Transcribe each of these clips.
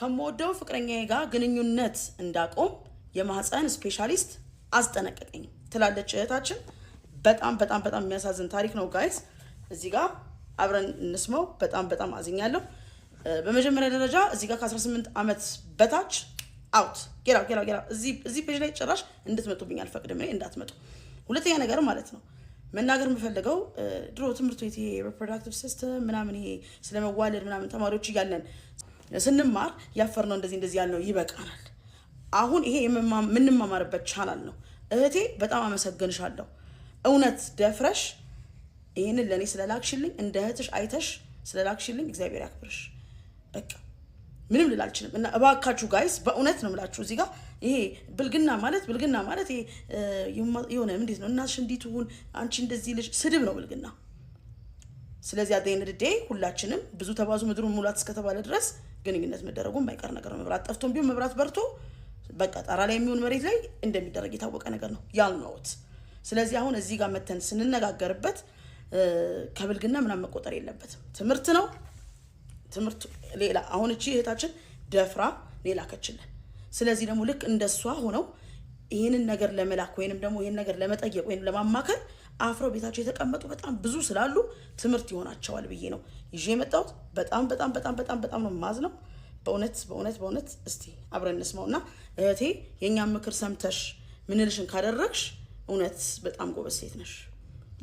ከምወደው ፍቅረኛዬ ጋር ግንኙነት እንዳቆም የማህፀን ስፔሻሊስት አስጠነቀቀኝ ትላለች እህታችን። በጣም በጣም በጣም የሚያሳዝን ታሪክ ነው ጋይስ። እዚህ ጋር አብረን እንስማው። በጣም በጣም አዝኛለሁ። በመጀመሪያ ደረጃ እዚህ ጋር ከ18 ዓመት በታች አውት ጌራ ጌራ ጌራ። እዚህ ፔጅ ላይ ጭራሽ እንድትመጡብኝ አልፈቅድም፣ እንዳትመጡ። ሁለተኛ ነገር ማለት ነው መናገር የምፈልገው ድሮ ትምህርት ቤት ይሄ ሪፕሮዳክቲቭ ሲስተም ምናምን ይሄ ስለመዋለድ ምናምን ተማሪዎች እያለን ስንማር ያፈር ነው እንደዚህ እንደዚህ ያልነው ይበቃናል። አሁን ይሄ የምንማማርበት ቻናል ነው። እህቴ በጣም አመሰግንሻለሁ። እውነት ደፍረሽ ይህንን ለእኔ ስለላክሽልኝ እንደ እህትሽ አይተሽ ስለላክሽልኝ እግዚአብሔር ያክብርሽ። በቃ ምንም ልል አልችልም። እና እባካችሁ ጋይስ በእውነት ነው የምላችሁ እዚህ ጋር ይሄ ብልግና ማለት ብልግና ማለት ይሄ የሆነ እንዴት ነው እናትሽ እንዲትሁን አንቺ እንደዚህ ልጅ ስድብ ነው ብልግና ስለዚህ አደይን ሁላችንም ብዙ ተባዙ ምድሩን ሙላት እስከተባለ ድረስ ግንኙነት መደረጉ የማይቀር ነገር ነው። መብራት ጠፍቶ ቢሆን መብራት በርቶ በቃ ጣራ ላይ የሚሆን መሬት ላይ እንደሚደረግ የታወቀ ነገር ነው ያልነውት። ስለዚህ አሁን እዚህ ጋር መተን ስንነጋገርበት ከብልግና ምናምን መቆጠር የለበትም። ትምህርት ነው ትምህርት ሌላ። አሁን እቺ እህታችን ደፍራ ሌላ ከችልን። ስለዚህ ደግሞ ልክ እንደሷ ሆነው ይህንን ነገር ለመላክ ወይንም ደግሞ ይህን ነገር ለመጠየቅ ወይም ለማማከር አፍሮ ቤታቸው የተቀመጡ በጣም ብዙ ስላሉ ትምህርት ይሆናቸዋል ብዬ ነው ይዤ የመጣሁት። በጣም በጣም በጣም በጣም በጣም ነው ማዝ ነው በእውነት በእውነት በእውነት። እስቲ አብረን እንስማው እና እህቴ የእኛም ምክር ሰምተሽ ምንልሽን ካደረግሽ እውነት በጣም ጎበዝ ሴት ነሽ።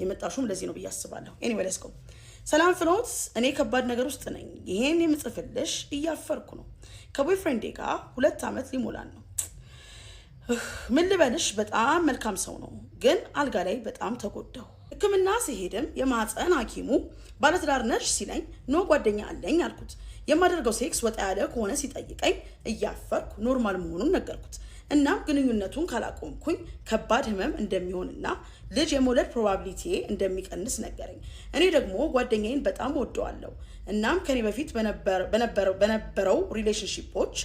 የመጣሹም ለዚህ ነው ብዬ አስባለሁ። ኤኒዌይ ሌትስ ጎ። ሰላም ፍኖት፣ እኔ ከባድ ነገር ውስጥ ነኝ። ይሄን የምጽፍልሽ እያፈርኩ ነው። ከቦይፍሬንዴ ጋር ሁለት ዓመት ሊሞላን ነው ምን ልበልሽ፣ በጣም መልካም ሰው ነው፣ ግን አልጋ ላይ በጣም ተጎዳው ሕክምና ሲሄድም የማፀን ሐኪሙ ባለትዳር ነሽ ሲለኝ ኖ ጓደኛ አለኝ አልኩት። የማደርገው ሴክስ ወጣ ያለ ከሆነ ሲጠይቀኝ እያፈርኩ ኖርማል መሆኑን ነገርኩት። እናም ግንኙነቱን ካላቆምኩኝ ከባድ ህመም እንደሚሆንና ልጅ የመውለድ ፕሮባቢሊቲ እንደሚቀንስ ነገረኝ። እኔ ደግሞ ጓደኛዬን በጣም ወደዋለሁ። እናም ከኔ በፊት በነበረው ሪሌሽንሽፖች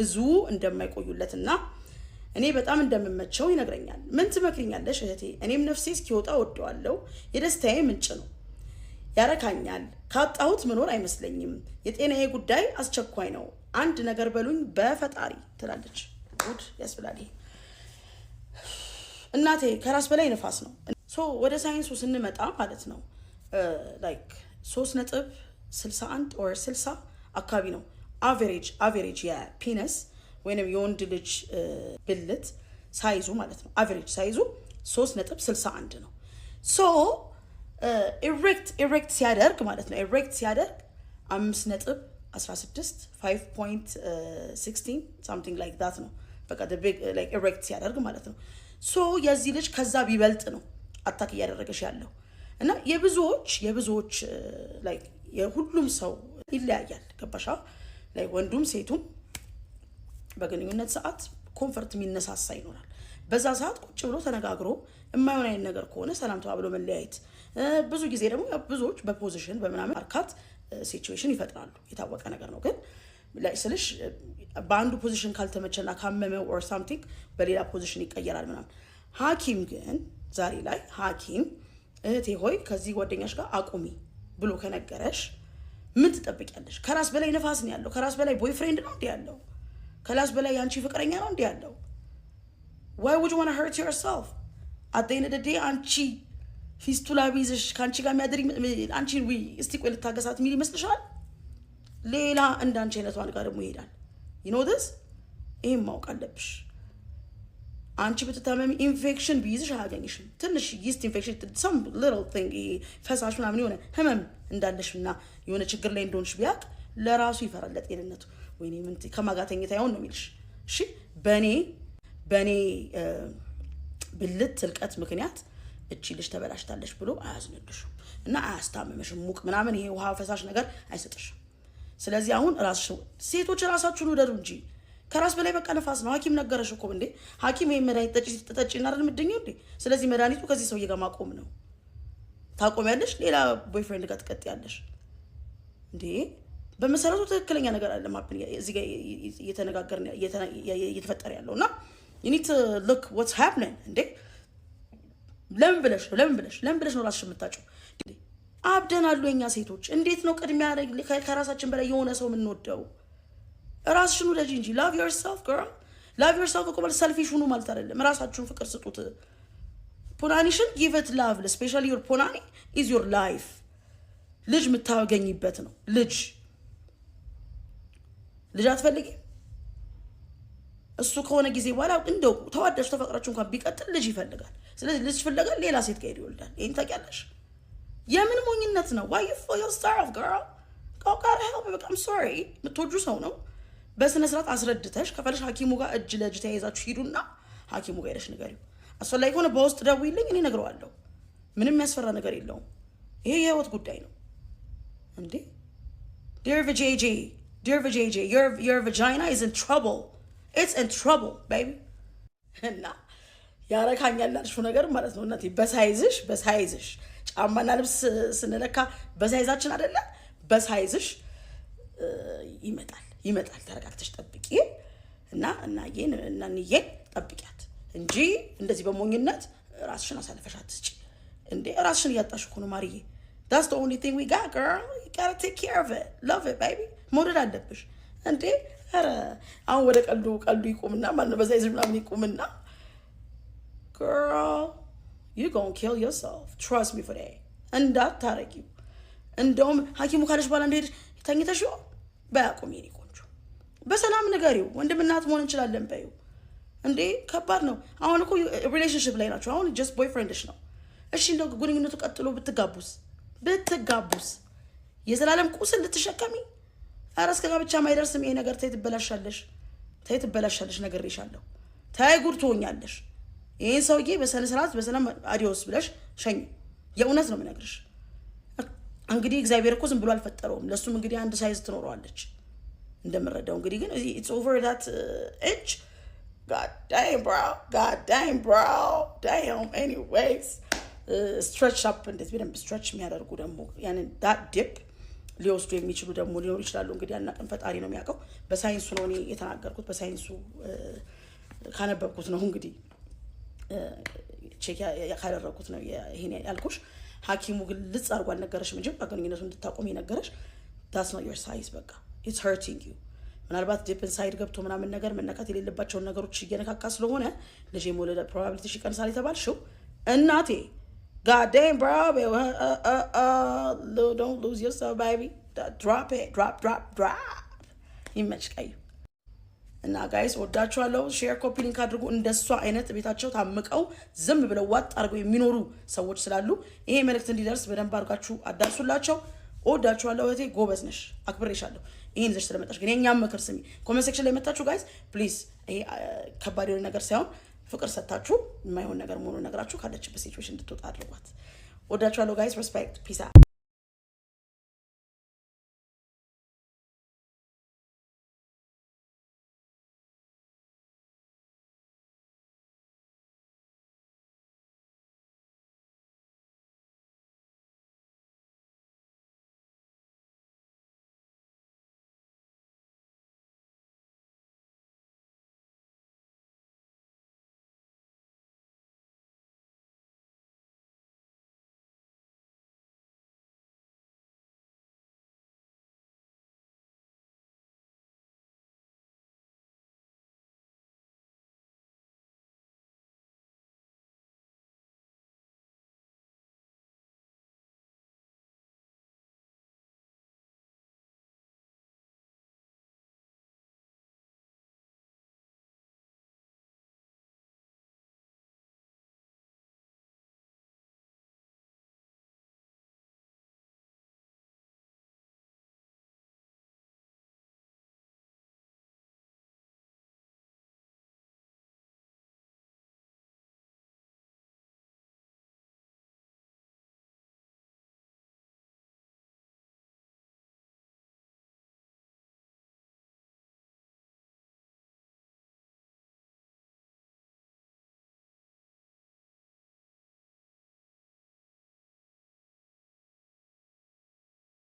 ብዙ እንደማይቆዩለትና እኔ በጣም እንደምመቸው ይነግረኛል። ምን ትመክሪኛለሽ እህቴ? እኔም ነፍሴ እስኪወጣ ወደዋለሁ። የደስታዬ ምንጭ ነው። ያረካኛል። ካጣሁት መኖር አይመስለኝም። የጤናዬ ጉዳይ አስቸኳይ ነው። አንድ ነገር በሉኝ በፈጣሪ ትላለች። ጉድ ያስብላል። እናቴ ከራስ በላይ ነፋስ ነው። ወደ ሳይንሱ ስንመጣ ማለት ነው ላይክ ሶስት ነጥብ ስልሳ አንድ ኦር ስልሳ አካባቢ ነው አቨሬጅ አቨሬጅ የፒነስ ወይም የወንድ ልጅ ብልት ሳይዙ ማለት ነው አቨሬጅ ሳይዙ አንድ ነው። ሶ ኢሬክት ኢሬክት ሲያደርግ ማለት ነው ኢሬክት ሲያደርግ 5.16 5.16 ሳምቲንግ ላይክ ዳት ነው። በቃ ኢሬክት ሲያደርግ ማለት ነው። ሶ የዚህ ልጅ ከዛ ቢበልጥ ነው አታክ እያደረገሽ ያለው እና የብዙዎች የብዙዎች ላይ የሁሉም ሰው ይለያያል። ገባሻ ላይ ወንዱም ሴቱም በግንኙነት ሰዓት ኮንፈርት የሚነሳሳ ይኖራል። በዛ ሰዓት ቁጭ ብሎ ተነጋግሮ የማይሆን አይነት ነገር ከሆነ ሰላም ተባብሎ መለያየት፣ ብዙ ጊዜ ደግሞ ብዙዎች በፖዚሽን በምናምን አርካት ሲቹዌሽን ይፈጥራሉ። የታወቀ ነገር ነው። ግን ስልሽ በአንዱ ፖዚሽን ካልተመቸና ካመመው ኦር ሳምቲንግ በሌላ ፖዚሽን ይቀየራል ምናምን። ሐኪም ግን ዛሬ ላይ ሐኪም እህቴ ሆይ ከዚህ ጓደኛሽ ጋር አቁሚ ብሎ ከነገረሽ ምን ትጠብቂያለሽ? ከራስ በላይ ነፋስ ነው ያለው። ከራስ በላይ ቦይፍሬንድ ነው እንዲ ያለው ከላስ በላይ የአንቺ ፍቅረኛ ነው እንዲህ ያለው ዋይ ውድ ዋን ሀርት ዮርሰልፍ አደይነደዴ አንቺ ፊስቱላ ቢይዝሽ ከአንቺ ጋር የሚያድር አንቺ እስቲ ቆይ ልታገሳት የሚል ይመስልሻል? ሌላ እንደ አንቺ አይነቷን ጋር ደግሞ ይሄዳል። ይኖትስ ይህም ማወቅ አለብሽ። አንቺ ብትታመሚ ኢንፌክሽን ቢይዝሽ አያገኝሽም። ትንሽ ይስት ኢንፌክሽን ሰም ሊትል ቲንግ ፈሳሽ ምናምን የሆነ ህመም እንዳለሽ እና የሆነ ችግር ላይ እንደሆንሽ ቢያቅ ለራሱ ይፈራል፣ ለጤንነቱ። ወይኔ ምን ከማጋተኝታ ያውን ነው የሚልሽ። እሺ በእኔ በእኔ ብልት ትልቀት ምክንያት እቺ ልጅ ተበላሽታለች ብሎ አያዝንልሽም እና አያስታምምሽም። ሙቅ ምናምን ይሄ ውሃ ፈሳሽ ነገር አይሰጥሽም። ስለዚህ አሁን ራስሽ ሴቶች ራሳችሁን ውደዱ እንጂ ከራስ በላይ በቃ ነፋስ ነው። ሐኪም ነገረሽ እኮ እንዴ ሐኪም ይሄ መድኃኒት ጠጪ ጠጪ እና አይደል እንዴ? ስለዚህ መድኃኒቱ ከዚህ ሰውዬ ጋር ማቆም ነው። ታቆሚያለሽ፣ ሌላ ቦይፍሬንድ ጋር ትቀጥያለሽ እንዴ በመሰረቱ ትክክለኛ ነገር አይደለም እዚህ ጋር እየተነጋገር እየተፈጠረ ያለው እና ዩኒት ሉክ ዋትስ ሃፕኒንግ እንዴ ለምን ብለሽ ነው ለምን ብለሽ ለምን ብለሽ ነው ራስሽ የምታጭው? አብደን አሉ የኛ ሴቶች። እንዴት ነው ቅድሚያ ከራሳችን በላይ የሆነ ሰው የምንወደው? ራስሽን ውደጂ እንጂ ላቭ ዮር ሰልፍ ግርል ላቭ ዮርሰልፍ እኮ ማለት ሰልፊሽ ሁኑ ማለት አይደለም። ራሳችሁን ፍቅር ስጡት። ፖናኒሽን ጊቭት ላቭ ስፔሻሊ ዮር ፖናኒ ኢዝ ዮር ላይፍ ልጅ የምታገኝበት ነው ልጅ ልጅ አትፈልጊ። እሱ ከሆነ ጊዜ በኋላ እንደው ተዋዳችሁ ተፈቅራችሁ እንኳን ቢቀጥል ልጅ ይፈልጋል። ስለዚህ ልጅ ይፈልጋል፣ ሌላ ሴት ከሄድ ይወልዳል። ይህን ታውቂያለሽ። የምን ሞኝነት ነው? ዋይ ፎ ዮስታፍ ጋር ሄልፕ በቃም ሶሪ። የምትወጁ ሰው ነው በስነ ስርዓት አስረድተሽ ከፈለሽ ሐኪሙ ጋር እጅ ለእጅ ተያይዛችሁ ሂዱና ሐኪሙ ጋር ሄደሽ ንገሪው። አስፈላጊ ከሆነ በውስጥ ደውይልኝ፣ እኔ እነግረዋለሁ። ምንም የሚያስፈራ ነገር የለውም። ይሄ የህይወት ጉዳይ ነው እንዴ ዴር Dear JJ, your your vagina is in trouble. It's in trouble, baby. እና ያረካኛል ነገር ማለት ነው እናቴ በሳይዝሽ በሳይዝሽ ጫማና ልብስ ስንለካ በሳይዛችን አይደለ በሳይዝሽ ይመጣል ይመጣል። ተረጋግተሽ ጠብቂ እና እናዬን እናንዬን ጠብቂያት እንጂ እንደዚህ በሞኝነት ራስሽን አሳልፈሽ አትስጪ እንዴ! ራስሽን እያጣሽ እኮ ነው ማርዬ። ዳስ ደ ኦንሊ ቲንግ ዊ ጋት ገርል ዩ ጋት ቴክ ኬር ኦፍ ኢት ሎቭ ኢት ቤቢ መውደድ አለብሽ እንዴ። ኧረ አሁን ወደ ቀልዱ ቀልዱ ይቁምና ማነው በዛ ምናምን ይቁምና ገርል ዩ ጎን ኪል ዮርሰልፍ ትራስት ሚ ፎር ዳት እንዳታረጊው። እንደውም ሐኪሙ ካለሽ በኋላ እንደሄድሽ ተኝተሽ በያቁም የኔ ቆንጆ በሰላም ንገሪው። ወንድምናት መሆን እንችላለን በይው። እንዴ ከባድ ነው። አሁን እኮ ሪሌሽንሽፕ ላይ ናቸው። አሁን ጀስት ቦይፍሬንድሽ ነው። እሺ እንደው ግንኙነቱ ቀጥሎ ብትጋቡስ ብትጋቡስ የዘላለም ቁስል ልትሸከሚ? ኧረ እስከ ጋብቻ ማይደርስም ይሄ ነገር። ተይ ትበላሻለሽ፣ ተይ ትበላሻለሽ። ነግሬሻለሁ። ተይ ጉድ ትሆኛለሽ። ይህን ሰውዬ በስነ ስርዓት በሰላም አዲዮስ ብለሽ ሸኝ። የእውነት ነው የምነግርሽ። እንግዲህ እግዚአብሔር እኮ ዝም ብሎ አልፈጠረውም። ለእሱም እንግዲህ አንድ ሳይዝ ትኖረዋለች እንደምረዳው። እንግዲህ ግን ኢትስ ኦቨር ዳት ኤጅ ጋዳይም ብራው ጋዳይም ብራው ዳይም ኤኒዌይስ ስትረች አፕ እንደዚህ በደንብ ስትረች የሚያደርጉ ደግሞ ያንን ዳት ዲፕ ሊወስዱ የሚችሉ ደግሞ ሊኖሩ ይችላሉ። እንግዲህ አናውቅም፣ ፈጣሪ ነው የሚያውቀው። በሳይንሱ ነው እኔ የተናገርኩት፣ በሳይንሱ ካነበብኩት ነው እንግዲህ ቼክ ካደረግኩት ነው ይሄን ያልኩሽ። ሐኪሙ ግልጽ አድርጎ አልነገረሽም እንጂ ግንኙነቱ እንድታቆም የነገረሽ ዳስ ነው ዮር ሳይዝ በቃ ኢትስ ሀርቲንግ ዩ ምናልባት ዲፕ ኢንሳይድ ገብቶ ምናምን ነገር መነካት የሌለባቸውን ነገሮች እየነካካ ስለሆነ ልጅ የመውለድ ፕሮባቢሊቲሽ ይቀንሳል የተባልሽው እናቴ God damn, bro. Uh, uh, uh, uh, little, don't lose yourself, baby. Drop it. Drop, drop, drop. ይመችቀኝ እና ጋይስ ወዳችኋለሁ። ሼር ኮፒ ሊንክ አድርጉ። እንደሷ አይነት ቤታቸው ታምቀው ዝም ብለው ዋጥ አድርገው የሚኖሩ ሰዎች ስላሉ ይሄ መልእክት እንዲደርስ በደንብ አድርጋችሁ አዳርሱላቸው። ወዳችኋለሁ። እህቴ ጎበዝ ነሽ፣ አክብሬሻለሁ። ይህን ዘሽ ስለመጣሽ ግን የኛም ምክር ስሚ። ኮሜንት ሴክሽን ላይ መጣችሁ ጋይስ ፕሊዝ፣ ይሄ uh, ከባድ የሆነ ነገር ሳይሆን ፍቅር ሰጥታችሁ የማይሆን ነገር መሆኑን ነግራችሁ ካለችበት ሲቹዌሽን እንድትወጣ አድርጓት። ወዳችኋለሁ ጋይስ። ሬስፔክት ፒሳ